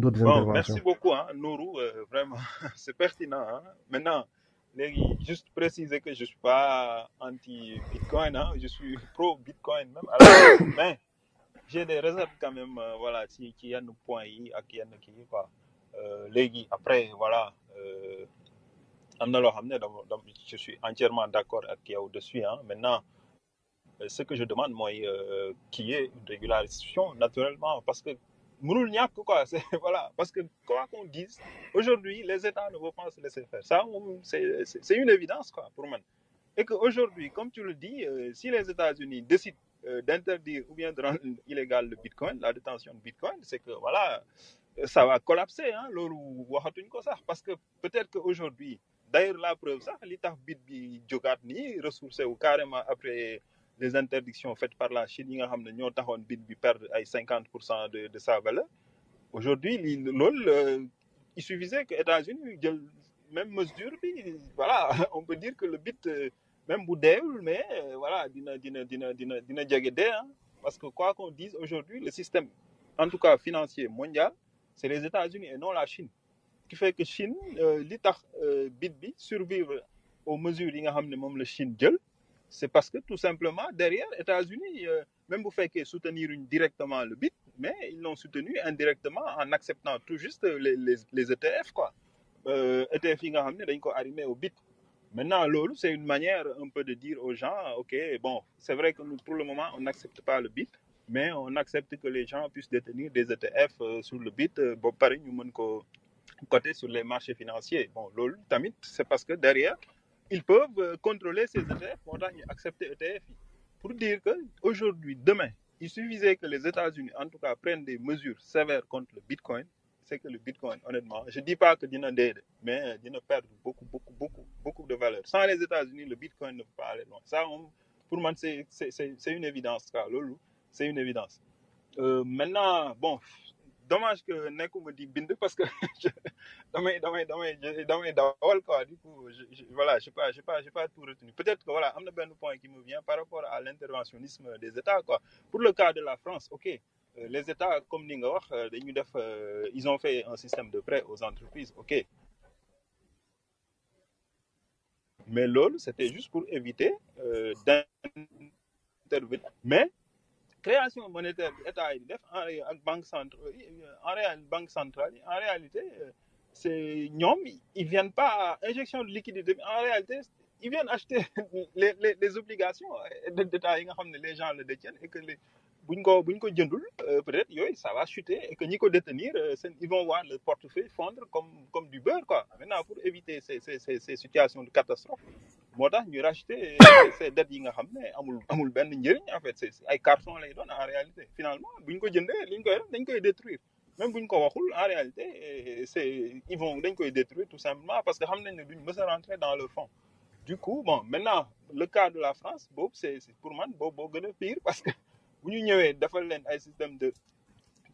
d'autres bon, interventions. Merci beaucoup, hein, Nourou. Euh, vraiment, c'est pertinent. Hein. Maintenant, juste préciser que je ne suis pas anti-Bitcoin, hein, je suis pro-Bitcoin même. Alors, mais j'ai des réserves quand même, euh, voilà, si qui y a nos points y a qui y a qui quoi. Euh, légui, après, voilà, euh, je suis entièrement d'accord avec qui au-dessus. Hein. Maintenant, euh, ce que je demande, moi, euh, qui est régularisation, naturellement, parce que mënul ñàkk quoi c'est parce que quoi qu'on dise aujourd'hui les États ne vont pas se laisser faire ça c'est une évidence pour man et que aujourd'hui comme tu le dis euh, si les États-Unis décident euh, d'interdire ou bien de rendre illégal le bitcoin la détention de bitcoin c'est que voilà euh, ça va collapser ah loolu waxatuñ ko sax parce que peut-être que aujourd'hui d'ailleurs la preuve sax li tax bit bi jógaat nii ressourcé wu carrément après les interdictions faites par la Chine yi nga xam ne ñoo taxoon bit bi perdre ay cinquante pour cent de de sa valeur aujourd'hui lii loolu euh, il suffisait que États-Unis jël même mesure bi voilà on peut dire que le bit euh, même bu deewul mais euh, voilà dina dina dina dina dina jege dee parce que quoi qu'on dise aujourd'hui le système en tout cas financier mondial c'est les États-Unis et non la Chine qui fait que Chine li tax bit bi survivre aux mesures yi nga xam ne moom la Chine jël c'est parce que tout simplement derrière États-Unis euh, même bu fekkee soutenir uñ directement le BID mais ils l'ont soutenu indirectement en acceptant tout juste les les, les ETF quoi euh, ETF yi nga xam ne dañ ko arrimer au BID maintenant loolu c'est une manière un peu de dire aux gens ok bon c'est vrai que nous pour le moment on n'accepte pas le BID mais on accepte que les gens puissent détenir des ETF euh, sur le BID euh, ba pare ñu mën ko coter sur les marchés financiers bon loolu tamit c'est parce que derrière ils peuvent euh, contrôler ces ETF moo tax ñu accepter ETF pour dire que aujourd'hui demain il suffisait que les États-Unis en tout cas prennent des mesures sévères contre le Bitcoin c'est que le Bitcoin honnêtement je dis pas que dina dee de mais euh, dina perdre beaucoup beaucoup beaucoup de valeur sans les États-Unis le Bitcoin ne peut pas aller loin pour man c'est c'est c'est une évidence quoi loolu c'est une évidence euh, maintenant bon dommage que nekkuma di bind parce que damay damay damay damay dawal quoi du coup je, voilà je pas j'ai pas j'ai pas tout retenu peut-être que voilà am na benn point qui me vient par rapport à l'interventionnisme des États quoi pour le cas de la France ok euh, les États comme ni nga wax euh, dañu def euh, ils ont fait un système de prêt aux entreprises ok mais loolu c'était juste pour éviter euh, d'intervenir mais création monétaire bi état def en ak banque centrale en réalité banque centrale yi réalité euh, c'est ñoom ils pas injection de liquidité bi en réalité ils viennent acheter les les les obligations euh, d'État yi nga xam ne les gens le détiennent et que les buñ ko buñ ko jëndul euh, peut-être yooyu ça va chuter et que ñi ko détenir seen ils vont voir le portefeuille fondre comme comme du beurre quoi maintenant pour éviter ces ces ces ces situations de catastrophe moo tax ñu racheter euh, ces dettes nga xam ne amul amul benn njëriñ en fait ay carton lay doon en réalité finalement bu ñu ko jënde li ñu koy def koy détruire même bu ñu ko waxul en réalité euh, c'est ils vont dañ koy détruire tout simplement parce que xam nañ ne duñ ñu a rentrer dans leur fonds du coup bon maintenant le cas de la France boobu c'est pour man boobu boo gën a pire parce que bu ñu ñëwee defal leen ay système de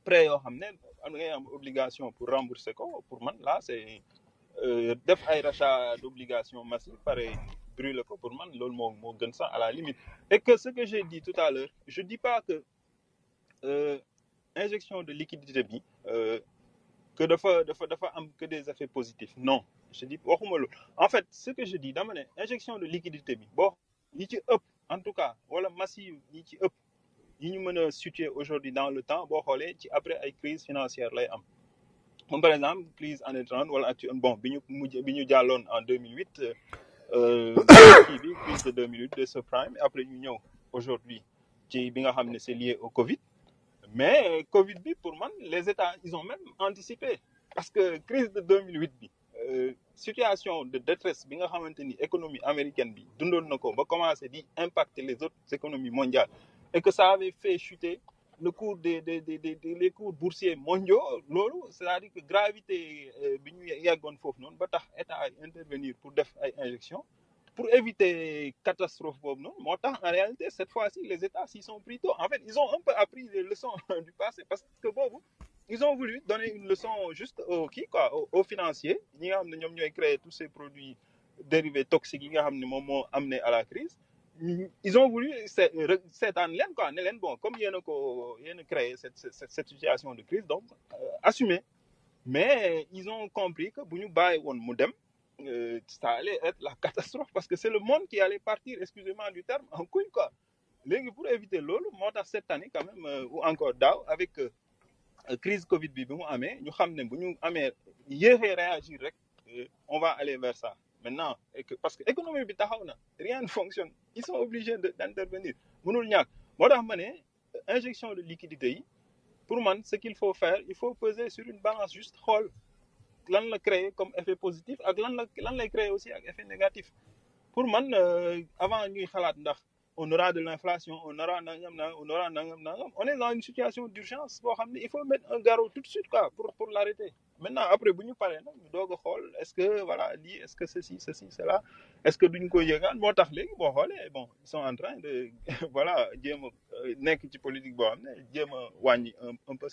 prêt yoo xam ne am ngay am obligation pour rembourser ko pour man là c'est euh, def ay rachat d'obligation massif pareil brûler ko pour man loolu moo moo gën sax à la limite et que ce que j'ai dit tout à l'heure je dis pas que euh, injection de liquidité bi euh, que dafa dafa dafa am que des effets positifs non je dis waxuma loolu en fait ce que je dis dama ne injection de liquidité bi bo ñi ci ëpp en tout cas wala massive ñi ci ëpp yi ñu mën a situer aujourd'hui dans le temps boo xoolee ci après ay crise financière lay am moom par exemple crise année 30 wala actuelle bon bi ñu mujj bi ñu jàlloon en 2008 bi euh, quiz de deux minutes de ce prime après ñu aujourd'hui ci bi nga xam ne c'est lié au Covid mais euh, Covid bi pour man les États ils ont même anticipé parce que crise de 2008 bi euh, situation de détresse bi nga xamante ni économie américaine bi dundoon na ko ba commencer di impacter les autres économies mondiales et que ça avait fait chuter le cours de des des des les cours boursiers mondiaux loolu c'est-à-dire que gravité euh, bi ñu yeggoon foofu noonu ba tax état intervenir pour def ay injection pour éviter catastrophe boobu noonu moo tax en réalité cette fois-ci les états s'y sont pris tôt en fait ils ont un peu appris les leçons du passé parce que boobu ils ont voulu donner une leçon juste kii quoi aux financiers ñi nga xam ne ñoom ñooy créer tous ces produits dérivés toxiques yi nga xam ne moom moo amené à la crise ils ont voulu seet re- seetaan leen quoi ne leen bon comme yéen ko yéen a créé cette cette cette situation de crise donc euh, assumer mais ils ont compris que bu ñu bàyyi woon mu dem euh, ça allait être la catastrophe parce que c'est le monde qui allait partir excusez du terme en couille quoi léegi pour éviter loolu moo tax cette année quand même euh, ou encore daaw avec euh, euh, crise Covid bi bi mu amee ñu xam ne bu ñu amee yéexee réagir rek on va aller vers ça maintenant et parce que économie bi taxaw na rien ne fonctionne ils sont obligés de d'intervenir mënul ñàkk moo tax ma ne injection de liquidité yi pour man ce qu'il faut faire il faut peser sur une balance juste xool lan la créer comme effet positif ak lan la lan lay créer aussi ak effet négatif pour man euh, avant ñuy xalaat ndax on aura de l'inflation on aura nangam nangam on aura nangam nangam on est dans une situation d'urgence boo xam ne il faut mettre un garrot tout de suite pour pour l'arrêter maintenant après bu ñu paree nag ñu doog a xool est-ce que voilà lii est-ce que ceci ceci cela est-ce que koy ko yëgaan moo tax léegi boo xoolee bon ils sont en de voilà jéem a euh, nekk ci politique boo xam ne jéem a wàññi un peu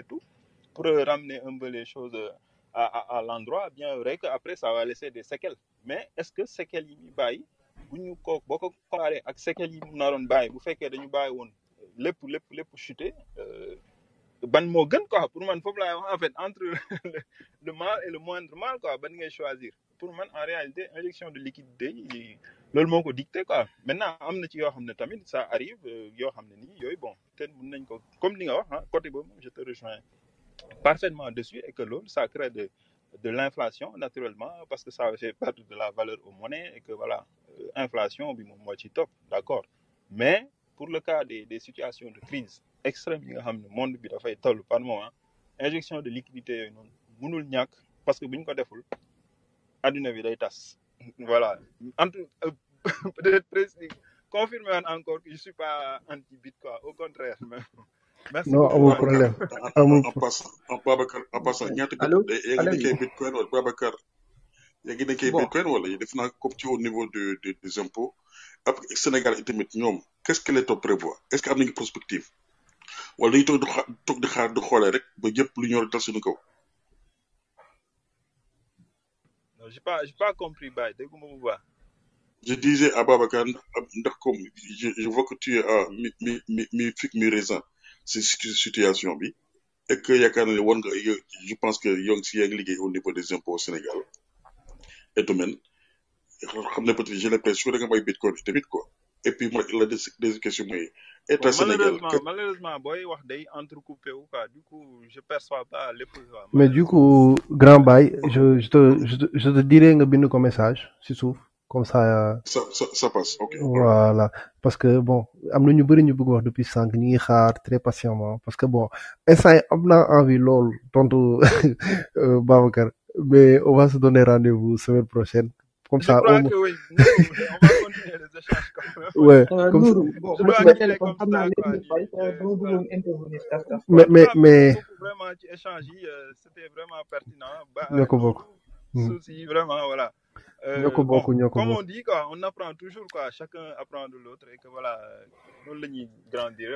et tout pour ramener un peu les choses euh, à à, à l'endroit bien vrai que après ça va laisser des séquelles mais est-ce que séquelles yi ñu bàyyi bu ñu ko boo ko comparé ak séquelles yi mu naroon bàyyi bu fekkee dañu bàyyi woon lépp lépp lépp chuté. Euh, ban moo gën quoi pour man foofu laay wax en fait entre le, le mal et le moindre mal quoi ban ngay choisir pour man en réalité injection de liquidité loolu moo ko dicté quoi maintenant am na ci yoo xam ne tamit ça arrive euh, yoo xam ne nii yooyu bon peut-être mën nañ ko comme li nga wax ah côté boobu je te rejoins parfaitement dessus et que loolu ça crée de de l'inflation naturellement parce que ça fait perdre de la valeur aux monnaies et que voilà euh, inflation bi moom moo ci topp d'accord mais pour le cas des des de crise extrême yi nga xam ne monde bi dafay toll par moment injection de liquidité yooyu noonu mënul ñàkk parce que bu ñu ko deful adduna bi day tas voilà en tout peut encore que je suis pas anti bit quoi au contraire même merci non amul problème amul en passant en Babacar en passant ñaata bit yéegi nekkee bitcoin wala Babacar yéegi wala yi def comme ci au niveau de des impôts après Sénégal itamit ñoom qu'est-ce que l'État prévoit est-ce que am nañu perspective wala dañuy toog di toog di xaar xoolee rek ba yëpp lu ñor dal suñu kaw. non j'ai pas j'ai pas compris Baye dégguma bu baax. je disais à Babacar ndax comme je je vois mi mi mi mi fig mi raisin si situation bi et que yaakaar naa ne war nga je pense que yow si yaa ngi liggéey au niveau des impôts au Sénégal et domaine xam ne peut-être j'ai l'impression da nga may bitcoin tamit quoi et puis la des questions mooy. et bon, malheureusement malheureusement booy wax day entrecoupé wu quoi du coup je perçois pas lépp mais du coup grand baay je te je te je te dirai nga bind ko message si suuf comme ça. Euh, ça ça ça passe ok. voilà parce que bon am na ñu bëri ñu bëgg wax depuis sànq ñu ngi xaar très patiemment parce que bon instant yi am naa envie lool tontu euh, Babacar mais on va se donner rendez-vous prochaine. comme a ça. Crois on... Que, oui. Nous, on va continuer les échanges quand même. Ouais. Euh, comme nous, bon, je ci échange yi c'était vraiment pertinent. ko bokk. souci vraiment voilà. quoi on de l'autre et que la ñuy grandir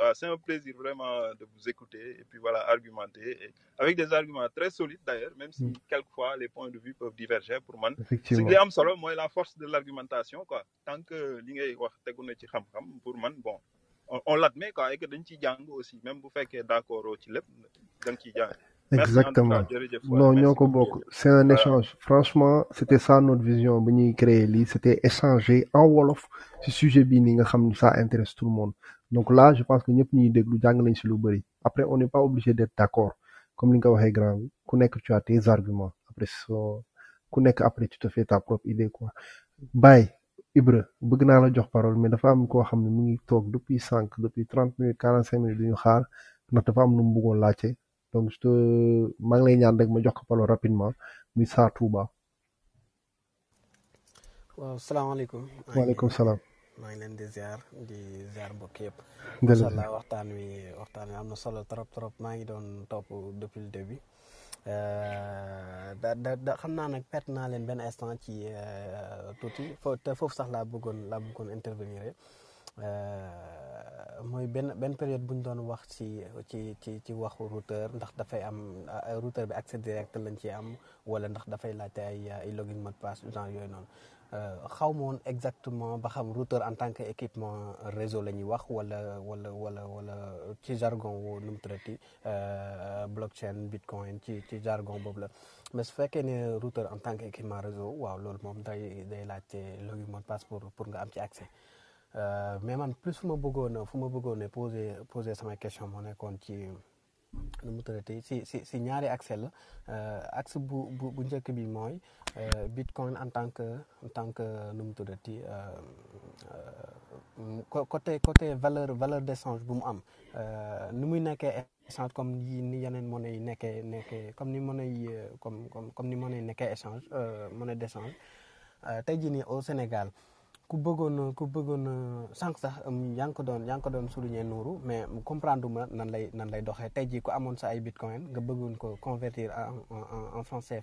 Euh, c'est un plaisir vraiment de vous écouter et puis voilà, argumenter. Et avec des arguments très solides d'ailleurs, même si mm. quelquefois les points de vue peuvent diverger pour moi. Ce qui est solo, moi, la force de l'argumentation. quoi. Tant que pour moi, bon, on, on l'admet quoi, et que d'un petit aussi, même vous faites d'accord au Chilep, d'un petit Exactement. Non, c'est un échange. Franchement, c'était ça notre vision. C'était échanger en Wolof ce sujet bien, ça intéresse tout le monde. donc là je pense que ñëpp ñuy déglu jàng nañ si lu bëri après on n'est pas obligé d'être d'accord comme li nga waxe grand ku nekk tu as tes arguments après soo ku nekk après tu te fais ta propre idée quoi Baye Ibra bëgg naa la jox parole mais dafa am koo xam ne mu ngi toog depuis cinq depuis trente minutes quarante cinq minutes duñu xaar ndax dafa am nu mu bëggoon laajte donc je te lay ñaan rek ma jox ko parole rapidement muy Sarr Touba. waaw salaamaaleykum. waaleykum salaam. maa ngi leen di ziar di ziar mbokk yëpp. macha allah waxtaan wi waxtaan wi am na solo trop trop maa ngi doon topp depuis le début. Euh, da xam naa nag pet naa leen benn instant ci euh, tuuti te foofu sax laa bëggoon laa bëggoon intervenir euh, mooy benn benn période bu ñu doon wax ci ci ci ci waxu routeur ndax dafay am routeur bi accès direct lañ ci am wala ndax dafay laajte ay ay login mot passe genre yooyu noonu. Euh, xaw ma woon exactement ba xam routeur en tant que équipement réseau la ñuy wax wala wala wala wala ci jargon woo nu mu tuddati euh, blockchain bitcoin ci ci jargon boobu la mais su fekkee ne routeur en tant que équipement réseau waaw loolu moom day day laaj login mot de passe pour nga am ci accès euh, mais man plus fu ma bëggoon fu ma bëggoon ne poser sama question moo nekkoon ci. nu mu tëratee si si si ñaari accès la euh, axe bu bu bu njëkk bi mooy euh, bitcoin en tant que en tant que nu mu tëratee euh, côté côté valeur valeur d'échange bu mu am ni muy nekkee échange comme ni yeneen monnaie yi nekkee nekkee comme ni monnaie yi comme comme comme ni monnaie yi nekkee échange monnaie d'échange tey jii nii au Sénégal. ku bëggoon ku bëggoon euh, sànq sax um, yaa ko doon yaa ngi ko doon souligner Nourou mais comprendre ma nan lay nan lay doxee tey jii ku amoon sax ay bitcoin nga bëggoon ko convertir en en en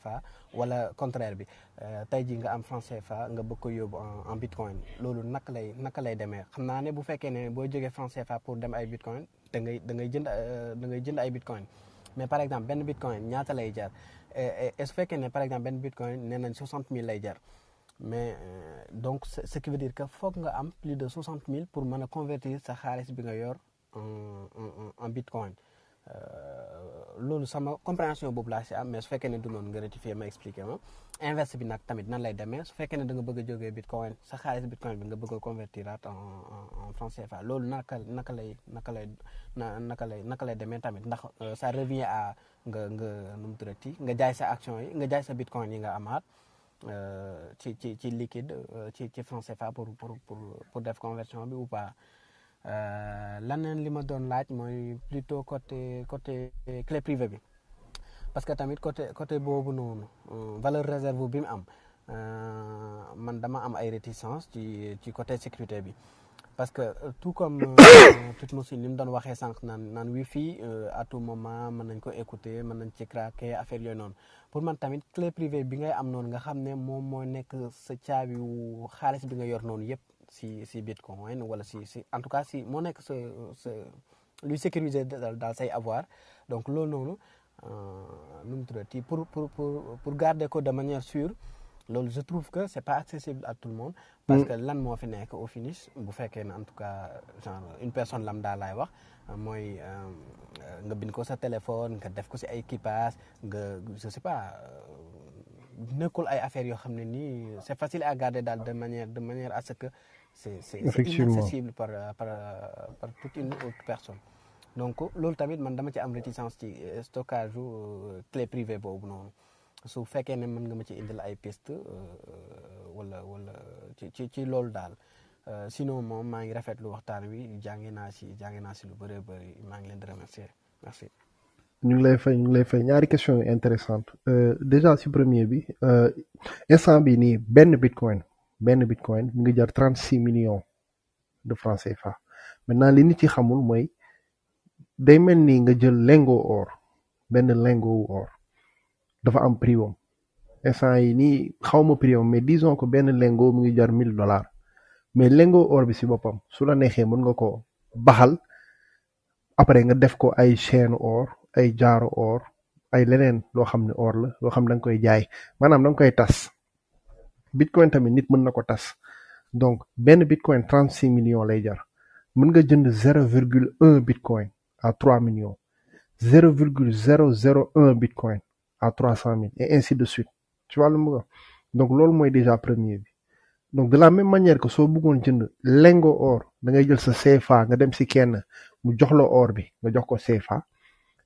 wala contraire bi euh, tey jii nga am franc CFA nga bëgg ko yóbbu en bitcoin loolu naka lay naka lay demee xam naa ne bu fekkee ne boo jógee franc fa pour dem ay bitcoin da ngay da ngay jënd euh, da ngay jënd ay bitcoin mais par exemple benn bitcoin ñaata lay jar et su ne par exemple benn bitcoin nee nañ soixante mille lay jar. mais euh, donc ce qui veut dire que foog nga am plus de soixante mille pour mën a convertir sa xaalis bi nga yor en en en bitcoin euh, loolu sama compréhension boobu laa si am mais su fekkee ne du noonu nga rectifier ma expliqué ma invest bi nag tamit nan lay demee su fekkee ne da nga bëgg a jógee bitcoin sa xaalis bitcoin bi nga bëgg a convertir en en franc CFA loolu naka naka lay naka lay na naka lay naka lay demee tamit ndax sa euh, revient à nga nga nu mu tuddati nga jaay sa action yi nga jaay sa bitcoin yi nga amaat. Euh, ci ci ci liquide euh, ci ci franc CFA pour pour pour def conversion bi ou pas euh, leneen li ma doon laaj mooy plutôt côté côté clé privée bi parce que tamit côté côté boobu noonu valeur réserve bi mu am man dama am ay réticence ci ci côté sécurité bi. parce que euh, tout comme Toutmoussi euh, li mu doon waxee sànq naan naan wifi euh, à tout moment mën nañ ko écouter mën nañ ci craquer affaire yooyu noonu pour man tamit clé privée bi ngay am noonu nga xam ne moom moo nekk sa caabi wu xaalis bi nga yor noonu yëpp si si bitcoin wala si si en tout cas si moo nekk sa sa luy sécuriser daal say avoir donc loolu noonu nu mu tuddati pour pour pour pour garder ko de manière sûre. loolu je trouve que c'est pas accessible à tout le monde. parce mm. que lan moo fi nekk au finish bu fekkee ne en tout cas genre une personne lambda laay wax euh, mooy euh, nga bind ko sa téléphone nga def ko si ay kippaas nga je sais pas. Euh, nekkul ay affaire yoo xam ne nii c'est facile à garder daal de manière de manière à ce que c'est c'est inaccessible par par par une autre personne donc loolu tamit man dama ci am réticence ci stockage u clé privée boobu noonu su fekkee ne mën nga ma ci indil ay piste euh, euh, wala wala ci ci ci loolu daal euh, sinon moom maa ngi rafetlu waxtaan wi jàngi naa si jàngi naa si lu bëree bëri maa ngi leen di remercier merci. ñu ngi lay fay ñu ngi lay fay ñaari question yu intéressante déjà si premier bi instant bi nii benn bitcoin benn bitcoin mu ngi jar trente six millions de francs CFA maintenant li nit ci xamul mooy day mel ni nga jël lingot or benn lingot or. dafa am prix wam instant yi nii xaw ma prix wam mais disons ko benn lingot mu ngi jar mille dollars mais lingot or bi si boppam su la neexee mën nga ko baxal après nga def ko ay chaîne or ay jaaro or ay leneen loo xam ne or la loo xam ne da koy jaay maanaam danga koy tas bitcoin tamit nit mën na ko tas donc benn bitcoin trente six millions lay jar mën nga jënd zero virgule un bitcoin à trois millions zero virgule zero zero un bitcoin à cent mille et ainsi de suite tu vois lu donc loolu mooy déjà premier bi donc de la même manière que soo bëggoon jënd lingot or da ngay jël sa CFA nga dem si kenn mu jox la or bi nga jox ko CFA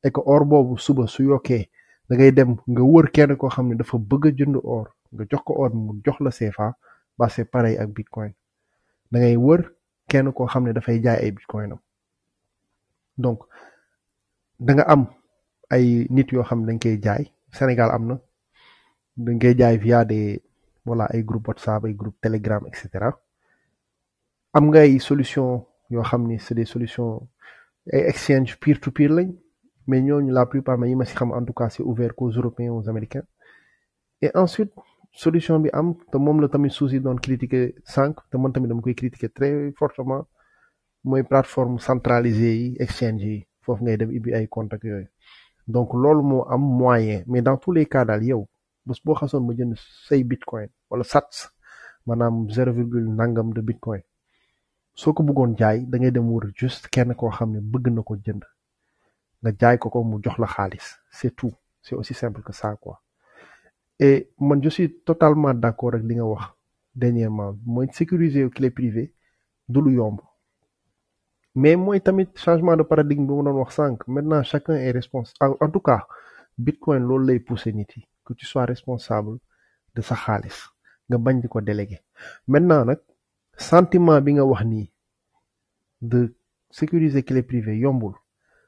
et que or boobu suba su yokkee da ngay dem nga wër kenn koo xam ne dafa bëgg a jënd or nga jox ko or mu jox la CFA ba c'est pareil ak bitcoin da ngay wër kenn koo xam ne dafay jaay ay bitcoin am donc da nga am ay nit yoo xam ne dañ koy jaay. Sénégal am na dañ koy jaay via de voilà ay groupe WhatsApp ay groupe Telegram et cetera am nga ay solution yoo xam ni c'est des solutions ay exchange peer to peer lañ mais ñooñu la plupart ma yi ma si xam en tout cas c'est ouvert qu'aux Européens aux Américains et ensuite solution bi am te moom la tamit suusi doon critiquer sànq te man tamit dama koy critiquer très fortement mooy plateforme centralisée yi exchange yi foofu ngay dem ibbi ay contact yooyu donc loolu moo am moyen mais dans tous les cas daal yow bés boo xasoon ma jënd say bitcoin wala sats maanaam zéro nangam de bitcoin soo ko buggoon jaay da ngay dem wër juste kenn koo xam ne bëgg na ko jënd nga jaay ko ko mu jox la xaalis c'est tout c'est aussi simple que ça quoi et man je suis totalement d'accord ak li nga wax dernièrement mooy sécuriser clé privée du lu yomb mais mooy tamit changement de paradigme bi ma doon wax sànq maintenant chacun est responsable en tout cas bitcoin loolu lay pousser nit yi que tu sois de sa xaalis nga bañ di ko délégué maintenant nag sentiment bi nga wax nii de sécuriser clé privée yombul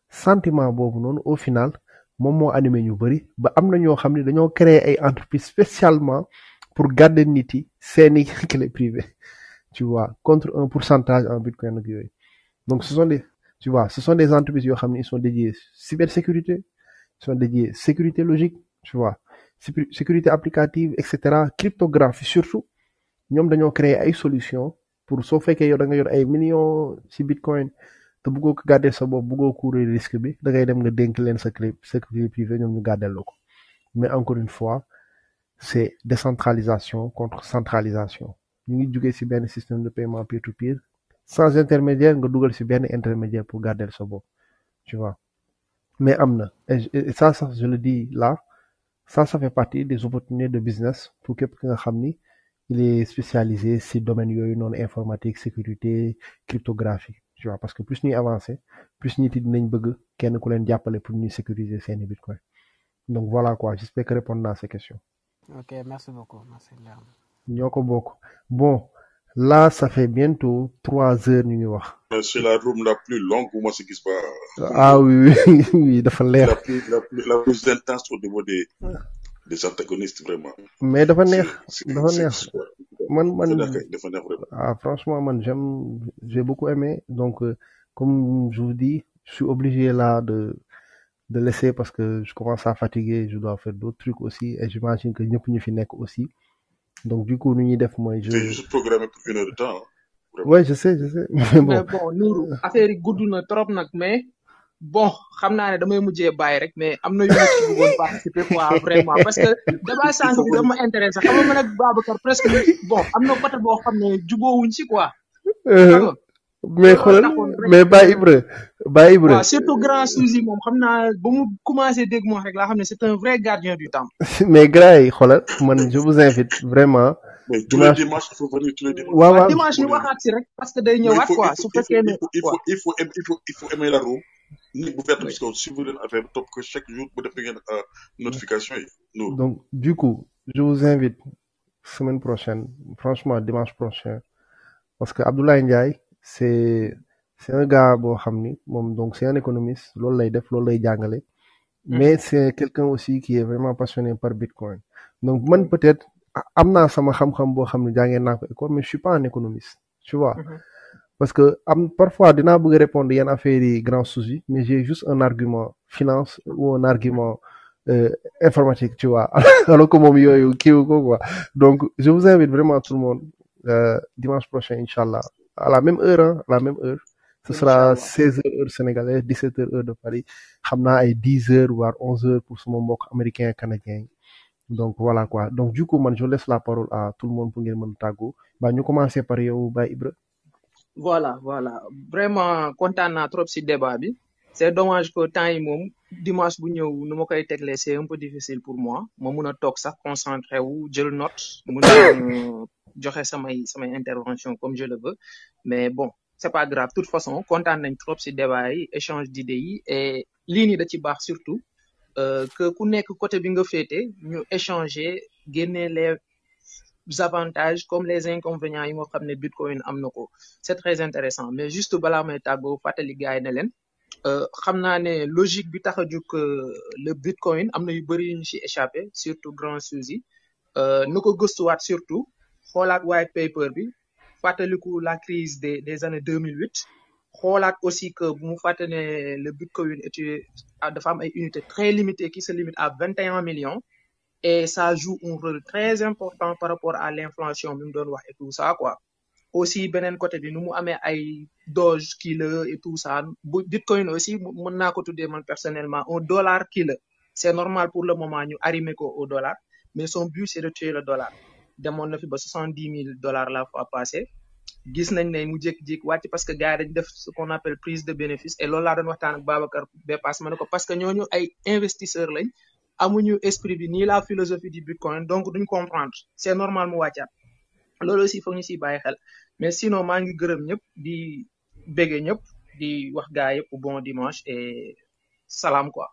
sentiment boobu noonu au final moom moo animé ñu bëri ba am na ñoo xam ne dañoo créer ay entreprise spécialement pour garder nit yi seeni clé privée tu vois contre un pourcentage en bitcoin ak yooyu donc ce sont des tu vois ce sont des entreprises yoo xam ne ils sont dédiés cybersécurité ils sont dédiés sécurité logique tu vois sécurité applicative et cetera cryptographie surtout ñoom dañoo créer ay solution pour soo fekkee yow da nga yor ay millions ci bitcoin te bëggoo ko sa bopp buggoo courir risque bi da ngay dem nga dénk leen sa clé sa clé privée ñoom ñu gardel la ko mais encore une fois c'est décentralisation contre centralisation ñu ngi jugee ci benn système de paiement peer to peer sans intermédiaire nga dugal si benn intermédiaire pour garder sa bopp tu vois mais am na et ça sax je le dis là ça ça fait partie des opportunités de business pour képp ki nga xam ni il est spécialisé si domaine yooyu noonu informatique sécurité cryptographie tu vois parce que plus ñuy avancer plus nit yi dinañ bëgg kenn ku leen jàppale pour ñuy sécuriser seeni bitcoin donc voilà quoi j'espère que répondre naa ces questions ok merci beaucoup ñoo ko bon là ça fait bientôt trois heures ñu ngi wax. Euh, c'est la room la plus longue ah oui oui dafa leer. la plus la au niveau des antagonistes mais dafa neex dafa neex. man man dafa neex franchement man j'aime j'ai beaucoup aimé donc euh, comme je vous dis je suis obligé là de laisser parce que je commence à fatiguer je dois faire d'autres trucs aussi et j'imagine que ñëpp ñu fi nekk aussi. donc du ñuy def mooy. je sais je sais. mais bon Nourou affaire yi gudd na trop nag mais bon xam naa ne damay mujjee bàyyi rek mais am na yu ma ci bëggoon participer vraiment parce que débat sànq bi dama intéressé xam nga man ak presque bon am na côté boo xam ne jubóowuñ ci quoi. Euh, mais euh, xoolal mais Baye Ibra Baye Ibra waaw surtout grand Souzy moom xam naa ba mu commencé dégg moom rek laa xam ne c'est un vrai gardien du temps. mais gars yi man je vous invite vraiment. mais dimanche ñu waxaat rek parce que day ñëwaat quoi su fekkee ne. il faut il faut il faut il faut que suivre leen affaire bi topp ko euh, notification yi. donc du je vous invite semaine prochaine franchement dimanche prochain parce que Abdoulaye Ndiaye. c'est c'est un gars boo xam ni moom donc c'est un économiste loolu lay def loolu lay jàngale. Mm-hmm. mais c'est quelqu'un aussi qui est vraiment passionné par Bitcoin. donc man peut-être am naa sama xam-xam boo xam ne jàngee naa ko école mais je suis pas un économiste tu vois. Mm-hmm. parce que parfois dinaa bëgg répondre yenn affaires yi grand souci mais j'ai juste un argument finance ou un argument. Euh, informatique, tu vois. Alors que mon mieux, qui ou quoi. Donc, je vous invite vraiment tout le monde euh, à la même heure à la même heure ce sera 16 heures heure sénégalaise 17 heures heure de Paris xam naa ay 10 heures voire 11 heures pour suma mbokk américain ak canadien donc voilà quoi donc du coup man je laisse la parole à tout le monde pour ngeen mën tàggu ba ñu commencé par yow Baye Ibra voilà voilà vraiment kontaan naa trop si débat bi c'est domage que temps yi moom dimanche bu ñëw nu ma koy teglee c'est un peu difficile pour moi ma mun a toog sax concentré wu jël note joxe samay samay intervention comme je le veux mais bon c'est pas grave toute façon kontaan nañ trop si débat yi échange d'idées yi et lii da ci baax surtout euh, que ku nekk côté bi nga féete ñu échanger génne les avantages comme les inconvénients yi nga xam ne bitcoin am na ko c'est très intéressant mais juste balaa may tàggoo fàttali gars yi ne leen euh, xam naa ne logique bi tax a jóg euh, le bitcoin am na yu bëri yu ñu ci échappé surtout grand susi yi nu ko gëstuwaat surtout xoolaat white paper bi fàttaliku la crise des des années 2008 xoolaat aussi que bu mu fàtte ne le bitcoin était dafa am ay unités très limitées qui se limitent à vingt et un millions et ça joue un rôle très important par rapport à l'inflation bi mu doon wax et tout ça quoi aussi beneen côté bi nu mu amee ay doge kilo et tout ça bu bitcoin aussi mën naa ko tuddee man personnellement un dollar kilo c'est normal pour le moment ñu arrimer ko au dollar mais son but c'est de tuer demoon na fi ba soixante dix mille dollars la fois passé gis nañ ne mu jékki-jékki wàcc parce que gars yi dañ def ce qu'on appelle prise de bénéfice et loolu laa doon waxtaan ak Babacar Bepass ma ne ko parce que ñooñu ay investisseur lañ amuñu esprit bi nii la philosophie du bitcoin donc duñ comprendre c'est normal mu wàccaat loolu aussi foog ñu siy bàyyi xel mais sinon maa ngi gërëm ñëpp di bége ñëpp di wax gaa yëpp bon dimanche et salaam quoi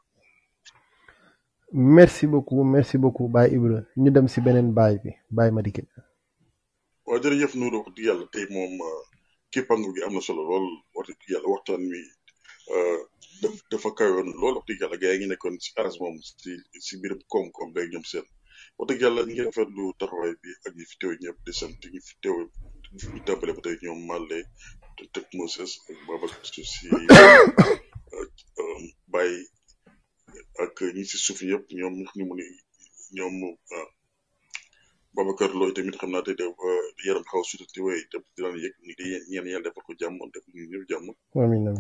merci beaucoup merci beaucoup Baye Ibra ñu dem si beneen baay bi Baye Madické. waaw jërëjëf Nourou wax dëgg yàlla tey moom euh, képpangu gi am na solo lool wax dëgg waxtaan wi euh, dafa kayoon lool wax dëgg yàlla gars yi ngi nekkoon si aras moom ci si biiram koom-koom day ñoom seen wax dëgg yàlla ñu ngi rafetlu bi ak ñi fi teew ñëpp di sant ñi fi teew ñu tàmbale ba tey ñoom Malle Tek ak Babacar Sow si euh, Baye. ak ñi si suuf yëpp ñoom ñu mu ni ñoom ah, Babacar Looy tamit xam naa te de ah, yaram xaw a sutati waaye te di yàlla defal ko jàmm def ñu ñoom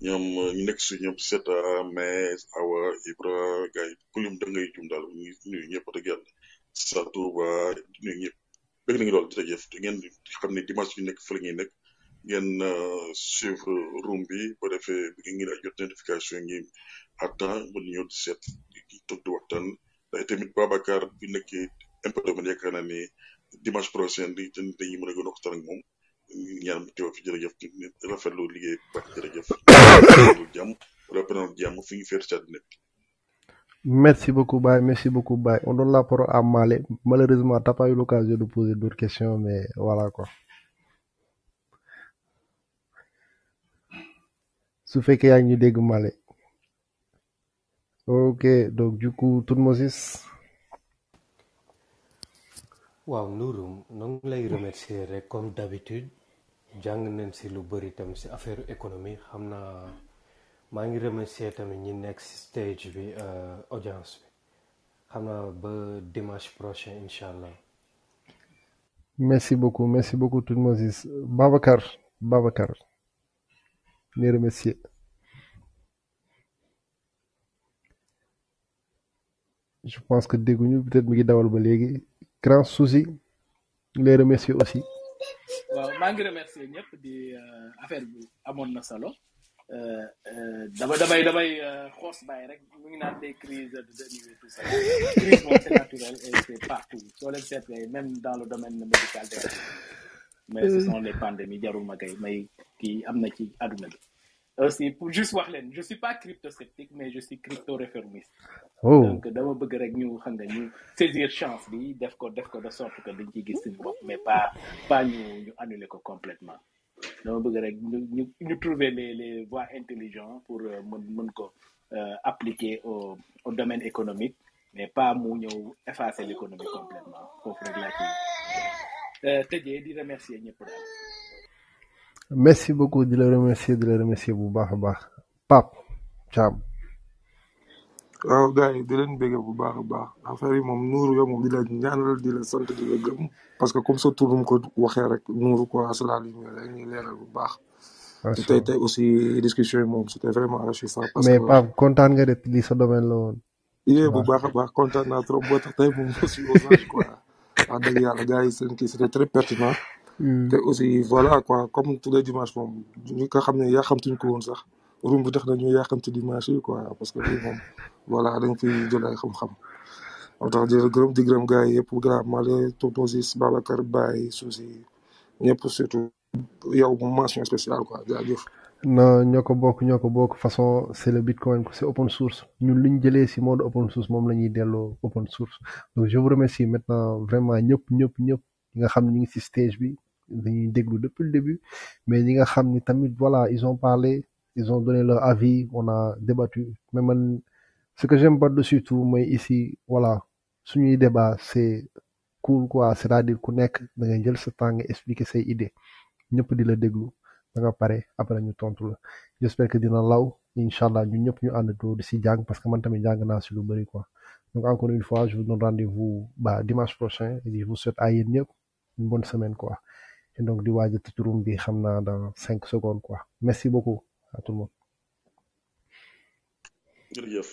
ñu nekk si ñoom Seta mais Awa Ibra gars yi da ngay daal ñu nuyu ñëpp a dëgg yàlla sa Touba nuyu dimanche bi nekk fële ngeen nekk ngeen ah, suivre room bi ba a jot notification yi. à temps mën di seet toog di waxtaan day tamit Babacar bi nekkee impédé man yaakaar naa ne dimanche prochain di dañuy mën a gën a waxtaan ak moom ñaan mu teew fi jërëjëf rafetlu liggéey bu baax jërëjëf jàmm reprenons jàmm fi ñu féer ci àddina bi Merci beaucoup, Baye. Merci beaucoup, Baye. On donne la parole à Malé. Malheureusement, tu n'as pas de poser d'autres questions, mais voilà quoi. su fekkee yaa ngi dégg Malé. Ok, donc du coup, Toutmoses. waaw Nouroum noo lay remercier rek comme d'habitude jàng nañ si lu bëri tam si affaire économie xam naa maa ngi remercier tamit ñi nekk si stage bi euh, audience bi xam naa ba dimanche prochain incha allah. merci beaucoup merci beaucoup Toutmoses Babacar Babacar. les remercier. je pense que dégguñu peut-être mi ngi dawal ba léegi grand souci les remercier aussi. waaw maa ngi remercier ñëpp di euh, affaire bi amoon na solo euh, euh, dama damay damay xoos bàyyi rek mu ngi naan des crises de de tout ça crise moom c'est et c'est partout soo leen seetlee même dans le domaine médical de mais ce sont les pandémies jarul ma kay may kii am na ci àdduna bi. aussi euh, pour juste wax leen je suis pas cryptosceptique mais je suis crypto réformiste. Oh. donc dama bëgg rek ñu xam ne ñu saisir chance bi def ko def ko de sorte que dañ ciy gis suñu bopp mais pas pas ñu ñu annuler ko complètement dama bëgg rek ñu ñu trouver les les voies intelligentes pour euh, mën mën ko euh, appliquer au au domaine économique mais pas mu ñëw effacer l'économie complètement foofu rek laa ciy tëjee di remercier ñëpp daal. merci beaucoup di la remercier di la remercier bu baax a baax Pape Thiam. waaw gars yi di leen béggee bu baax a baax affaire yi moom nuuru yow moom di la ñaanal di la sant di la gëm parce que comme sa tur mu ko waxee rek nuuru quoi c'est la lumière leeral bu baax. macha tey tey aussi discussion yi moom c'était vraiment enrichissant. parce que mais Pape kontaan nga de lii sa domaine la woon. yee bu baax a baax kontaan naa trop boo tax tey moom aussi osage quoi wax dëgg yàlla gars yi te aussi voilà quoi comme tous les dimanches moom ñu ka xam ne yaa xamtuñ ko woon sax ruum bi tax na ñu yaa xamtu dimanche yi quoi parce que lii moom voilà dañ fiy jël ay xam-xam. moo tax di gërëm di gërëm gars yi yëpp grand Malé tonton Ziz Babacar Baye Sousi ñëpp surtout yow mention spéciale quoi jaajëf. non ñoo ko bokk ñoo ko bokk façon c'est le bitcoin c'est open source ñun lu ñu jëlee si mode open source moom la ñuy delloo open source donc je vous maintenant vraiment ñëpp ñëpp ñëp nga xam ñu ngi si stage bi. dañuy déglu depuis le début mais ñi nga xam ni tamit voilà ils ont parlé ils ont donné leur avis on a débattu mais man ce que j'aime par-dessus tout mooy ici voilà suñuy débat c'est cool quoi c'est-à-dire ku nekk da nga jël sa temps nga expliquer say idées ñëpp di la déglu da nga pare après ñu tontu la j'espère que dina law incha allah ñun ñëpp ñu àndatoo di si jàng parce que man tamit jàng naa si lu bëri quoi donc encore une fois je vous donne rendez-vous ba dimanche prochain quoi donc di waaj a tëj bi xam naa dans cinq secondes quoi merci beaucoup à tout le